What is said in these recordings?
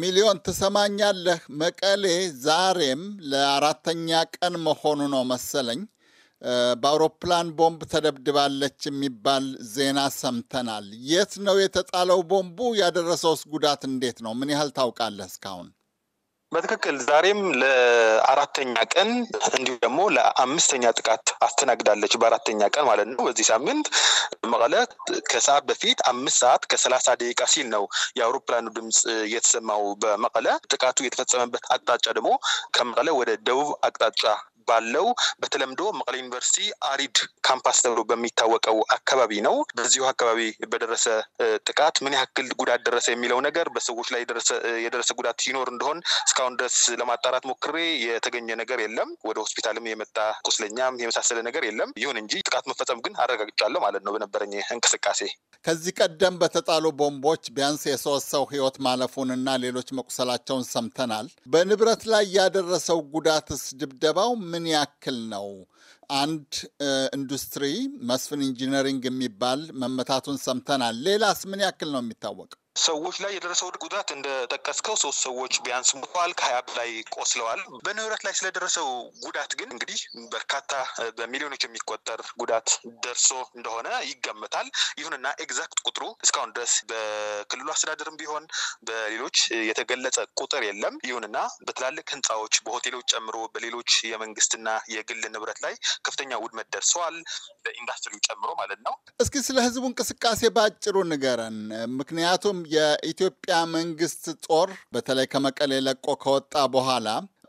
ሚሊዮን ትሰማኛለህ? መቀሌ ዛሬም ለአራተኛ ቀን መሆኑ ነው መሰለኝ በአውሮፕላን ቦምብ ተደብድባለች የሚባል ዜና ሰምተናል። የት ነው የተጣለው ቦምቡ? ያደረሰውስ ጉዳት እንዴት ነው? ምን ያህል ታውቃለህ እስካሁን? በትክክል ዛሬም ለአራተኛ ቀን እንዲሁም ደግሞ ለአምስተኛ ጥቃት አስተናግዳለች። በአራተኛ ቀን ማለት ነው። በዚህ ሳምንት መቀለ ከሰዓት በፊት አምስት ሰዓት ከሰላሳ ደቂቃ ሲል ነው የአውሮፕላኑ ድምፅ የተሰማው በመቀለ። ጥቃቱ የተፈጸመበት አቅጣጫ ደግሞ ከመቀለ ወደ ደቡብ አቅጣጫ ባለው በተለምዶ መቀለ ዩኒቨርሲቲ አሪድ ካምፓስ ተብሎ በሚታወቀው አካባቢ ነው። በዚሁ አካባቢ በደረሰ ጥቃት ምን ያክል ጉዳት ደረሰ የሚለው ነገር በሰዎች ላይ የደረሰ ጉዳት ይኖር እንደሆን እስካሁን ድረስ ለማጣራት ሞክሬ የተገኘ ነገር የለም። ወደ ሆስፒታልም የመጣ ቁስለኛም የመሳሰለ ነገር የለም። ይሁን እንጂ ጥቃት መፈጸም ግን አረጋግጫለሁ ማለት ነው በነበረኝ እንቅስቃሴ። ከዚህ ቀደም በተጣሉ ቦምቦች ቢያንስ የሶስት ሰው ህይወት ማለፉንና ሌሎች መቁሰላቸውን ሰምተናል። በንብረት ላይ ያደረሰው ጉዳትስ ድብደባው ምን ምን ያክል ነው አንድ ኢንዱስትሪ መስፍን ኢንጂነሪንግ የሚባል መመታቱን ሰምተናል። ሌላስ ምን ያክል ነው የሚታወቀው? ሰዎች ላይ የደረሰው ጉዳት እንደጠቀስከው ሶስት ሰዎች ቢያንስ ሞተዋል፣ ከሀያ በላይ ቆስለዋል። በንብረት ላይ ስለደረሰው ጉዳት ግን እንግዲህ በርካታ በሚሊዮኖች የሚቆጠር ጉዳት ደርሶ እንደሆነ ይገመታል። ይሁንና ኤግዛክት ቁጥሩ እስካሁን ድረስ በክልሉ አስተዳደርም ቢሆን በሌሎች የተገለጸ ቁጥር የለም። ይሁንና በትላልቅ ህንፃዎች፣ በሆቴሎች ጨምሮ በሌሎች የመንግስትና የግል ንብረት ላይ ከፍተኛ ውድመት ደርሰዋል፣ በኢንዱስትሪው ጨምሮ ማለት ነው። እስኪ ስለ ህዝቡ እንቅስቃሴ በአጭሩ ንገረን። ምክንያቱም የኢትዮጵያ መንግስት ጦር በተለይ ከመቀሌ ለቆ ከወጣ በኋላ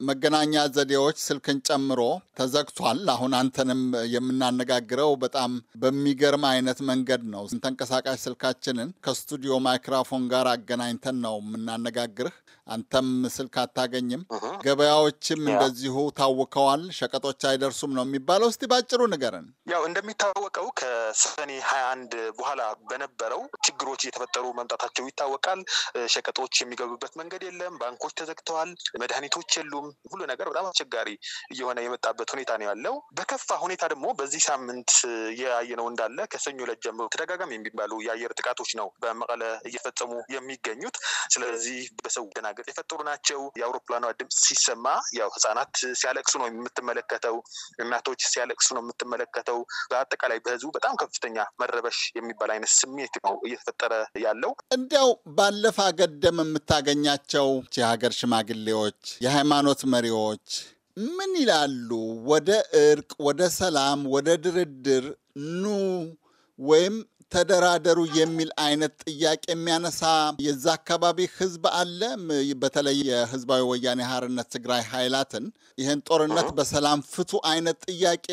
መገናኛ ዘዴዎች ስልክን ጨምሮ ተዘግቷል። አሁን አንተንም የምናነጋግረው በጣም በሚገርም አይነት መንገድ ነው። ተንቀሳቃሽ ስልካችንን ከስቱዲዮ ማይክራፎን ጋር አገናኝተን ነው የምናነጋግርህ። አንተም ስልክ አታገኝም። ገበያዎችም እንደዚሁ ታውከዋል። ሸቀጦች አይደርሱም ነው የሚባለው። እስቲ ባጭሩ ንገረን። ያው እንደሚታወቀው ከሰኔ ሀያ አንድ በኋላ በነበረው ችግሮች እየተፈጠሩ መምጣታቸው ይታወቃል። ሸቀጦች የሚገቡበት መንገድ የለም። ባንኮች ተዘግተዋል። መድኃኒቶች የሉም። ሁሉ ነገር በጣም አስቸጋሪ እየሆነ የመጣበት ሁኔታ ነው ያለው። በከፋ ሁኔታ ደግሞ በዚህ ሳምንት ነው እንዳለ ከሰኞ ዕለት ጀምሮ ተደጋጋሚ የሚባሉ የአየር ጥቃቶች ነው በመቀለ እየፈጸሙ የሚገኙት። ስለዚህ በሰው ደናገጥ የፈጠሩ ናቸው። የአውሮፕላኗ ድምፅ ሲሰማ ያው ህጻናት ሲያለቅሱ ነው የምትመለከተው፣ እናቶች ሲያለቅሱ ነው የምትመለከተው። በአጠቃላይ በህዝቡ በጣም ከፍተኛ መረበሽ የሚባል አይነት ስሜት ነው እየተፈጠረ ያለው። እንዲያው ባለፈ ገደም የምታገኛቸው የሀገር ሽማግሌዎች፣ የሃይማኖት የሃይማኖት መሪዎች ምን ይላሉ? ወደ እርቅ፣ ወደ ሰላም፣ ወደ ድርድር ኑ ወይም ተደራደሩ የሚል አይነት ጥያቄ የሚያነሳ የዛ አካባቢ ህዝብ አለ። በተለይ የህዝባዊ ወያኔ ሀርነት ትግራይ ኃይላትን ይህን ጦርነት በሰላም ፍቱ አይነት ጥያቄ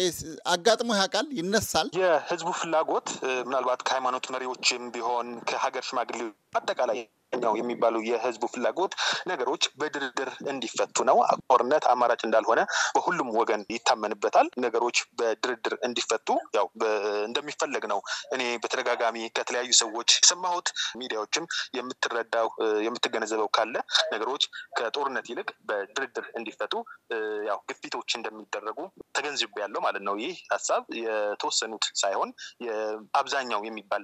አጋጥሞ ያውቃል? ይነሳል? የህዝቡ ፍላጎት ምናልባት ከሃይማኖት መሪዎችም ቢሆን ከሀገር ሽማግሌ አጠቃላይ ነው የሚባለው የህዝቡ ፍላጎት ነገሮች በድርድር እንዲፈቱ ነው። ጦርነት አማራጭ እንዳልሆነ በሁሉም ወገን ይታመንበታል። ነገሮች በድርድር እንዲፈቱ ያው እንደሚፈለግ ነው። እኔ በተደጋጋሚ ከተለያዩ ሰዎች የሰማሁት ሚዲያዎችም የምትረዳው የምትገነዘበው ካለ ነገሮች ከጦርነት ይልቅ በድርድር እንዲፈቱ ያው ግፊቶች እንደሚደረጉ ያለው ማለት ነው። ይህ ሀሳብ የተወሰኑት ሳይሆን አብዛኛው የሚባል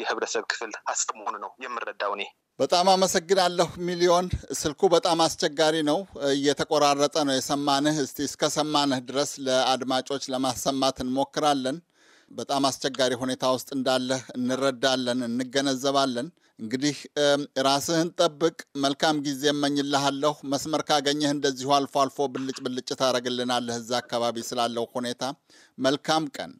የህብረተሰብ ክፍል ሀሳብ መሆኑ ነው የምረዳው እኔ። በጣም አመሰግናለሁ ሚሊዮን። ስልኩ በጣም አስቸጋሪ ነው፣ እየተቆራረጠ ነው የሰማንህ። እስቲ እስከ ሰማንህ ድረስ ለአድማጮች ለማሰማት እንሞክራለን። በጣም አስቸጋሪ ሁኔታ ውስጥ እንዳለህ እንረዳለን፣ እንገነዘባለን። እንግዲህ ራስህን ጠብቅ፣ መልካም ጊዜ እመኝልሃለሁ። መስመር ካገኘህ እንደዚሁ አልፎ አልፎ ብልጭ ብልጭ ታደርግልናለህ እዛ አካባቢ ስላለው ሁኔታ። መልካም ቀን።